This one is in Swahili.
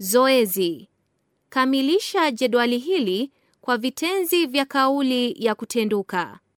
Zoezi: kamilisha jedwali hili kwa vitenzi vya kauli ya kutenduka.